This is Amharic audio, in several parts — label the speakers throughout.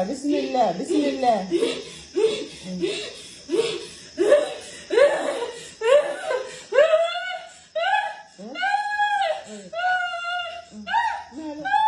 Speaker 1: Bismillah, bismillah, bismillah. Evet. Evet. Evet.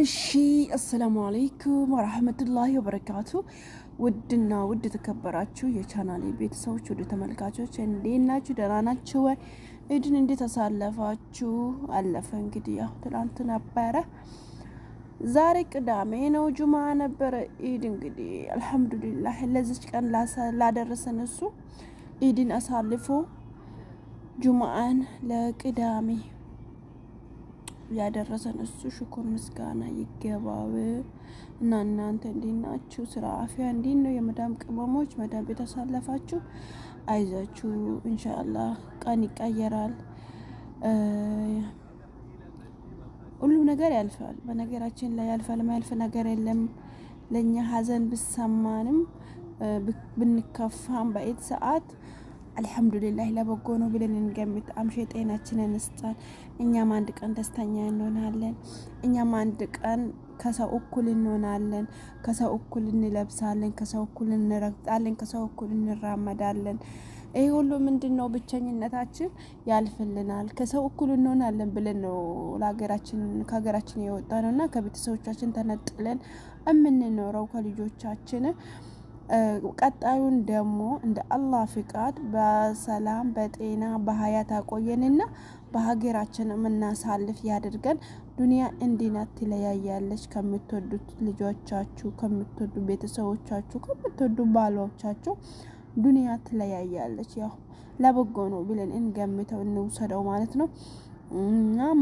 Speaker 2: እሺ አሰላሙ አለይኩም ወራህመቱላሂ ወበረካቱ። ውድና ውድ ተከበራችሁ የቻናሌ ቤተሰቦች ውድ ተመልካቾች እንዴት ናችሁ? ደህና ናችሁ ወይ? ኢድን እንዴት አሳለፋችሁ? አለፈ እንግዲህ ያው ትላንት ነበረ፣ ዛሬ ቅዳሜ ነው፣ ጁማ ነበረ። ኢድ እንግዲህ አልሐምዱሊላህ ለዚች ቀን ላደረሰን እሱ ኢድን አሳልፎ ጁማአን ለቅዳሜ ያደረሰን እሱ ሽኩር ምስጋና ይገባው እና እናንተ እንዴት ናችሁ? ስራ አፊያ እንዴት ነው? የመዳም ቅመሞች መዳም ቤት አሳለፋችሁ፣ አይዛችሁ እንሻላ ቀን ይቀየራል። ሁሉም ነገር ያልፋል። በነገራችን ላይ ያልፋል፣ ማያልፍ ነገር የለም። ለኛ ሀዘን ብሰማንም ብንከፋም በኤት ሰዓት አልሐምዱሊላህ ለበጎ ነው ብለን እንገምት። አምሾ ጤናችንን ስጠን። እኛም አንድ ቀን ደስተኛ እንሆናለን። እኛም አንድ ቀን ከሰው እኩል እንሆናለን። ከሰው እኩል እንለብሳለን። ከሰው እኩል እንረግጣለን። ከሰው እኩል እንራመዳለን። ይህ ሁሉ ምንድን ነው? ብቸኝነታችን ያልፍልናል። ከሰው እኩል እንሆናለን ብለን ነው ለሀገራችን ከሀገራችን የወጣ ነው እና ከቤተሰቦቻችን ተነጥለን የምንኖረው ከልጆቻችን ቀጣዩን ደግሞ እንደ አላህ ፍቃድ በሰላም በጤና በሀያት አቆየንና በሀገራችን የምናሳልፍ ያድርገን። ዱንያ እንዲናት ትለያያለች። ከምትወዱት ልጆቻችሁ፣ ከምትወዱ ቤተሰቦቻችሁ፣ ከምትወዱ ባሎቻችሁ ዱንያ ትለያያለች። ያው ለበጎ ነው ብለን እንገምተው እንውሰደው ማለት ነው። እናም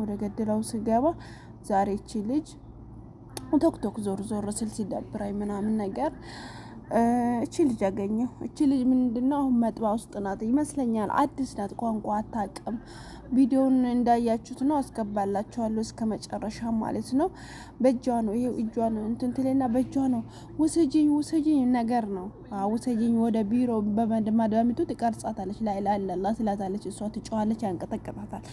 Speaker 2: ወደ ገድለው ስገባ ዛሬ እቺ ልጅ ቶክቶክ ዞር ዞር ስል ሲደብራኝ ምናምን ነገር እቺ ልጅ ያገኘው እቺ ልጅ ምንድነው አሁን መጥባ ውስጥ ናት ይመስለኛል። አዲስ ናት፣ ቋንቋ አታውቅም። ቪዲዮውን እንዳያችሁት ነው አስገባላችኋለሁ፣ እስከ መጨረሻ ማለት ነው። በእጇ ነው ይሄው፣ እጇ ነው እንትን ትልና በእጇ ነው ውሰጂኝ፣ ውሰጂኝ ነገር ነው ውሰጂኝ፣ ወደ ቢሮ በመድማድ በመድማዳሚቱ ትቀርጻታለች፣ ላይ ላለላ ስላታለች። እሷ ትጮኋለች፣ ያንቀጠቅጣታል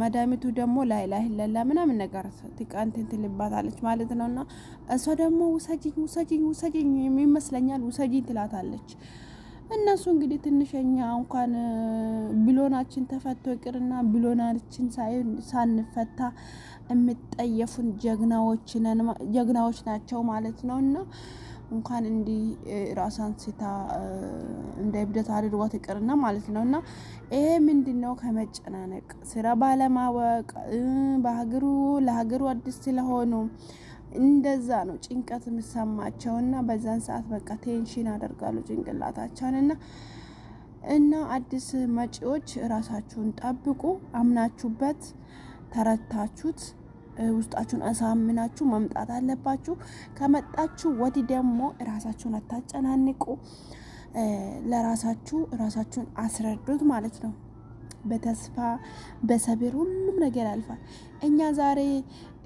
Speaker 2: መዳሚቱ ደግሞ ላይላ ለላ ምናምን ነገር ትቃንትን ትልባታለች ማለት ነው። እና እሷ ደግሞ ውሰጅኝ ውሰጅኝ ውሰጅኝ ይመስለኛል ውሰጅኝ ትላታለች። እነሱ እንግዲህ ትንሸኛ እንኳን ብሎናችን ተፈቶ ይቅርና ብሎናችን ሳንፈታ የምጠየፉን ጀግናዎች ናቸው ማለት ነው እና እንኳን እንዲህ ራሷን ሴታ እንደ እብደት አድርጓ ይቅርና ማለት ነው። እና ይሄ ምንድን ነው ከመጨናነቅ ስራ ባለማወቅ በሀገሩ ለሀገሩ አዲስ ስለሆኑ እንደዛ ነው ጭንቀት የምሰማቸው እና በዛን ሰዓት በቃ ቴንሽን አደርጋሉ ጭንቅላታቸውን እና እና አዲስ መጪዎች ራሳችሁን ጠብቁ አምናችሁበት ተረታችሁት ውስጣችሁን አሳምናችሁ መምጣት አለባችሁ። ከመጣችሁ ወዲህ ደግሞ ራሳችሁን አታጨናንቁ። ለራሳችሁ ራሳችሁን አስረዱት ማለት ነው። በተስፋ በሰብር ሁሉም ነገር ያልፋል። እኛ ዛሬ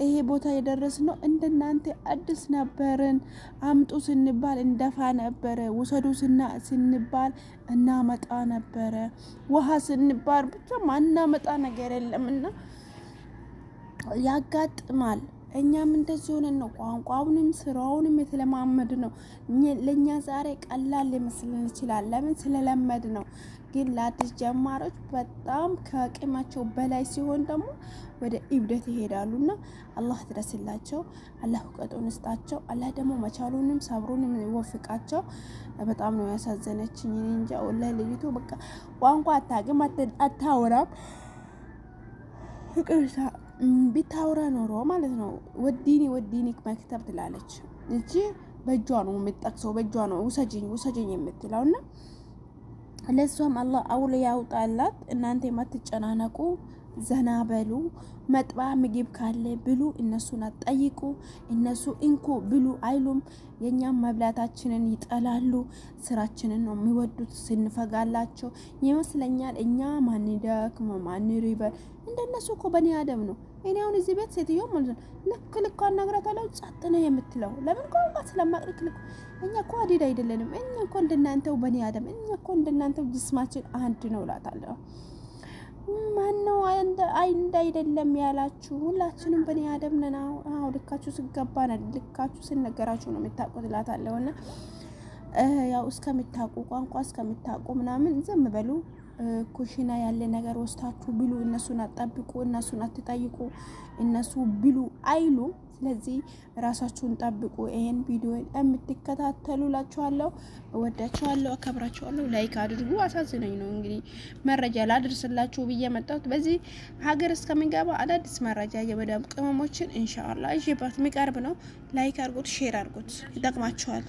Speaker 2: ይሄ ቦታ የደረስነው እንደናንተ አዲስ ነበርን። አምጡ ስንባል እንደፋ ነበረ። ውሰዱ ስንባል እናመጣ ነበረ። ውሃ ስንባል ብቻ ማናመጣ ነገር የለምና ያጋጥማል። እኛም እንደዚህ ሆነን ነው ቋንቋውንም ስራውንም የተለማመድ ነው። ለእኛ ዛሬ ቀላል ሊመስልን ይችላል። ለምን ስለለመድ ነው። ግን ለአዲስ ጀማሪዎች በጣም ከቅማቸው በላይ ሲሆን ደግሞ ወደ እብደት ይሄዳሉና አላህ ድረስላቸው። አላህ እውቀቱን ስጣቸው። አላህ ደግሞ መቻሉንም ሰብሩንም ይወፍቃቸው። በጣም ነው ያሳዘነችኝ። እንጃ ወላሂ ልዩቱ በቃ ቋንቋ አታውቅም፣ አታወራም። ይቅርታ ቢታውረ ኖሮ ማለት ነው ወዲኒ ወዲኒ መክተብ ትላለች እንጂ በእጇ ነው የምጠቅሰው፣ በእጇ ነው ውሰጅኝ ውሰጅኝ የምትለው እና ለእሷም አላህ አውሎ ያውጣላት። እናንተ የማትጨናነቁ ዘና በሉ። መጥባ ምግብ ካለ ብሉ፣ እነሱን አትጠይቁ። እነሱ እንኩ ብሉ አይሉም። የእኛም መብላታችንን ይጠላሉ። ስራችንን ነው የሚወዱት። ስንፈጋላቸው ይመስለኛል እኛ ማንደክመ ማንሪበል እንደነሱ እኮ በኒ አደም ነው እኔ አሁን እዚህ ቤት ሴትዮ ማለት ነው ልክ ልኳን ነግራታለሁ። ጸጥ ነው የምትለው። ለምን ቋንቋ ስለማቅርክ ልክ እኛ እኮ አዲድ አይደለንም። እኛ እኮ እንደናንተው በኒ አደም፣ እኛ እኮ እንደናንተው ጅስማችን አንድ ነው እላታለሁ። ማነው አንድ አይደለም ያላችሁ? ሁላችንም በኒ አደም ነና። አዎ ልካችሁ ስገባናል፣ ልካችሁ ስነገራችሁ ነው የምታውቁት እላታለሁ። እና ያው እስከምታውቁ ቋንቋ እስከምታውቁ ምናምን ዝም በሉ ኩሽና ያለ ነገር ወስታችሁ ብሉ፣ እነሱን አትጠብቁ፣ እነሱን አትጠይቁ፣ እነሱ ብሉ አይሉ። ስለዚህ ራሳችሁን ጠብቁ። ይሄን ቪዲዮ የምትከታተሉ ላችኋለሁ፣ እወዳችኋለሁ፣ አከብራችኋለሁ። ላይክ አድርጉ። አሳዝነኝ ነው እንግዲህ መረጃ ላድርስላችሁ ብዬ መጣሁት። በዚህ ሀገር እስከምንገባ አዳዲስ መረጃ የመዳም ቅመሞችን ኢንሻአላህ ይዤባት የሚቀርብ ነው። ላይክ አድርጉት፣ ሼር አድርጉት፣ ይጠቅማችኋል።